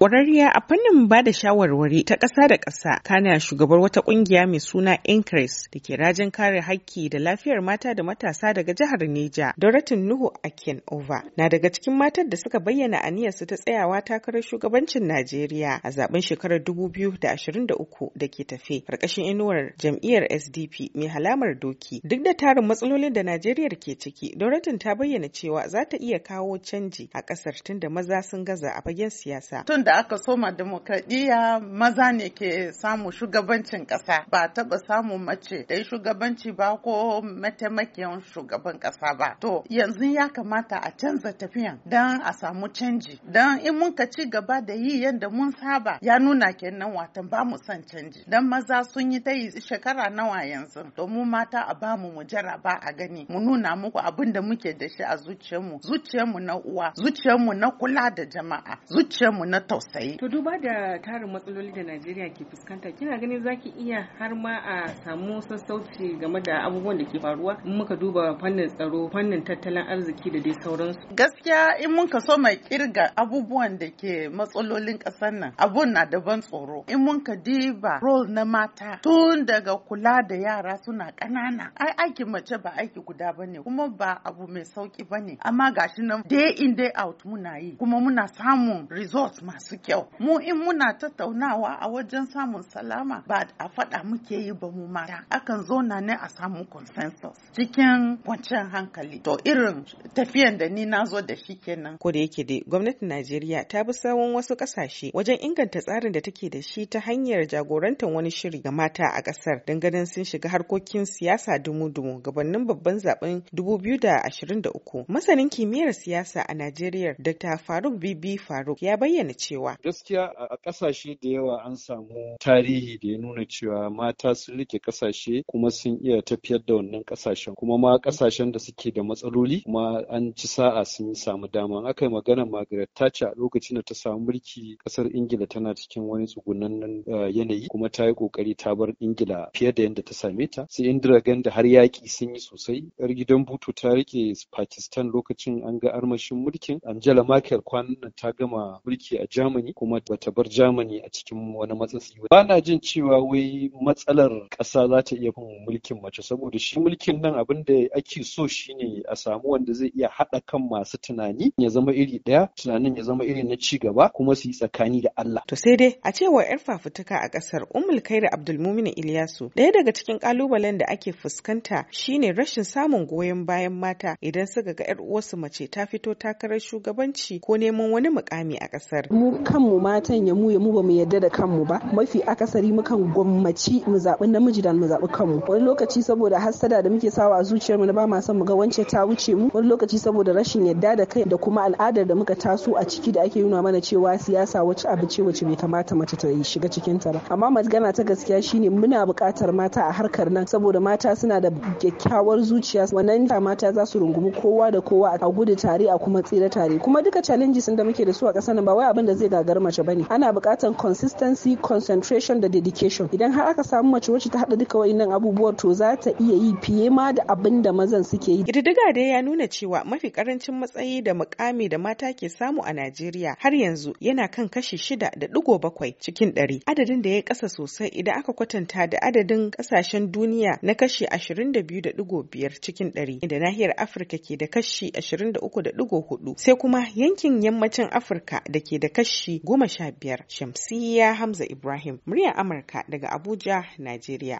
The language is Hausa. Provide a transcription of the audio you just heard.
Kwararriya a fannin ba da shawarwari ta ƙasa da ƙasa kana shugabar wata ƙungiya mai suna INCREASE da ke rajin kare haƙƙi da lafiyar mata da matasa daga jihar Neja, Doratin Nuhu Akin Ova na daga cikin matan da suka bayyana a su ta tsayawa takarar shugabancin Najeriya a zaben shekarar 2023 da ke tafe ƙarƙashin inuwar jam'iyyar SDP mai halamar doki. Duk da tarin matsalolin da Najeriya ke ciki, Doratin ta bayyana cewa za ta iya kawo canji a ƙasar da maza sun gaza a fagen siyasa. da aka soma demokradiyya maza ne ke samu shugabancin kasa ba taba samu mace da yi shugabanci ba ko mataimakiyan shugaban kasa ba to yanzu ya kamata a canza tafiyan don a samu canji don in mun ka ci gaba da yi yadda mun saba ya nuna kenan watan ba mu son canji don maza sun yi ta yi shekara nawa yanzu to mu mata a bamu mu jaraba a gani mu nuna muku abin da muke da shi a zuciyarmu zuciyarmu na uwa zuciyarmu na kula da jama'a zuciyarmu na ta tausayi. To duba da tarin matsaloli da Najeriya ke fuskanta kina ganin zaki iya har ma a samu sassauci game da abubuwan da ke faruwa in muka duba fannin tsaro fannin tattalin arziki da dai sauransu. Gaskiya in muka so mai kirga abubuwan da ke matsalolin ƙasar nan abun na daban tsoro. In mun muka diba role na mata tun daga kula da yara suna ƙanana. Ai aikin mace ba aiki guda bane kuma ba abu mai sauki bane amma gashi nan day in day out muna yi kuma muna samun results masu masu kyau mu in muna tattaunawa a wajen samun salama ba a faɗa muke yi ba mu mata akan zo na ne a samu consensus cikin kwanciyar hankali to irin tafiyan da ni nazo da shi kenan ko da yake dai gwamnatin Najeriya ta bi sawon wasu ƙasashe wajen inganta tsarin da take da shi ta hanyar jagorantar wani shiri ga mata a ƙasar ganin sun shiga harkokin siyasa dumu-dumu gabanin babban zaben 2023 masanin kimiyyar siyasa a Najeriya Dr. Faruk Bibi Faruk ya bayyana cewa cewa. Gaskiya a ƙasashe da yawa an samu tarihi da ya nuna cewa mata sun rike ƙasashe kuma sun iya tafiyar da wannan ƙasashen kuma ma ƙasashen da suke da matsaloli kuma an ci sa'a sun samu dama. Aka yi magana Margaret Thatcher a lokacin da ta samu mulki ƙasar Ingila tana cikin wani tsugunannen eh, yanayi kuma ta yi ƙoƙari ta bar Ingila fiye da yadda ta same ta. Sai Indira Gandhi har yaƙi sun yi sosai. Yar gidan Butu ta rike Pakistan lokacin an ga armashin mulkin. Angela Merkel kwanan ta gama mulki a Germany. Germany kuma bata bar Germany a cikin wani matsatsi ba. na jin cewa wai matsalar ƙasa za ta iya bin mulkin mace saboda shi mulkin nan abin da ake so shine a samu wanda zai iya haɗa kan masu tunani ya zama iri ɗaya tunanin ya zama iri na ci gaba kuma su yi tsakani da Allah. To sai dai a cewa 'yar fafutuka a ƙasar Ummul Kaira Abdulmumin Ilyasu ɗaya daga cikin ƙalubalen da ake fuskanta shine rashin samun goyon bayan mata idan suka ga 'yar uwarsu mace ta fito takarar shugabanci ko neman wani mukami a ƙasar. Mu kanmu matan ya mu ya mu ba mu yarda da kanmu ba mafi akasari mukan gwammaci mu zaɓi namiji da mu zaɓi kanmu wani lokaci saboda hassada da muke sawa a zuciyar mu na ba ma son mu ga wance ta wuce mu wani lokaci saboda rashin yarda da kai da kuma al'adar da muka taso a ciki da ake nuna mana cewa siyasa wacce abu ce wacce bai kamata mace ta shiga cikin ta ba amma magana ta gaskiya shine muna buƙatar mata a harkar nan saboda mata suna da kyakkyawar zuciya wannan mata za su rungumi kowa da kowa a gudu tare a kuma tsira tare kuma duka challenges da muke da su a ƙasar nan ba wai abin da zai gagar mace bane ana buƙatar consistency concentration da dedication idan har aka samu mace wacce ta haɗa duka wa'innan abubuwa to za ta iya yi fiye ma da abin da mazan suke yi ƙididdiga dai ya nuna cewa mafi karancin matsayi da mukami da mata ke samu a Najeriya har yanzu yana kan kashi shida da ɗigo bakwai cikin ɗari adadin da ya ƙasa sosai idan aka kwatanta da adadin ƙasashen duniya na kashi ashirin da biyu da ɗigo biyar cikin ɗari inda nahiyar Afirka ke da kashi ashirin da uku da ɗigo hudu sai kuma yankin yammacin Afirka da da shi goma sha biyar Shamsiyya Hamza Ibrahim, muryar Amurka daga Abuja, Najeriya.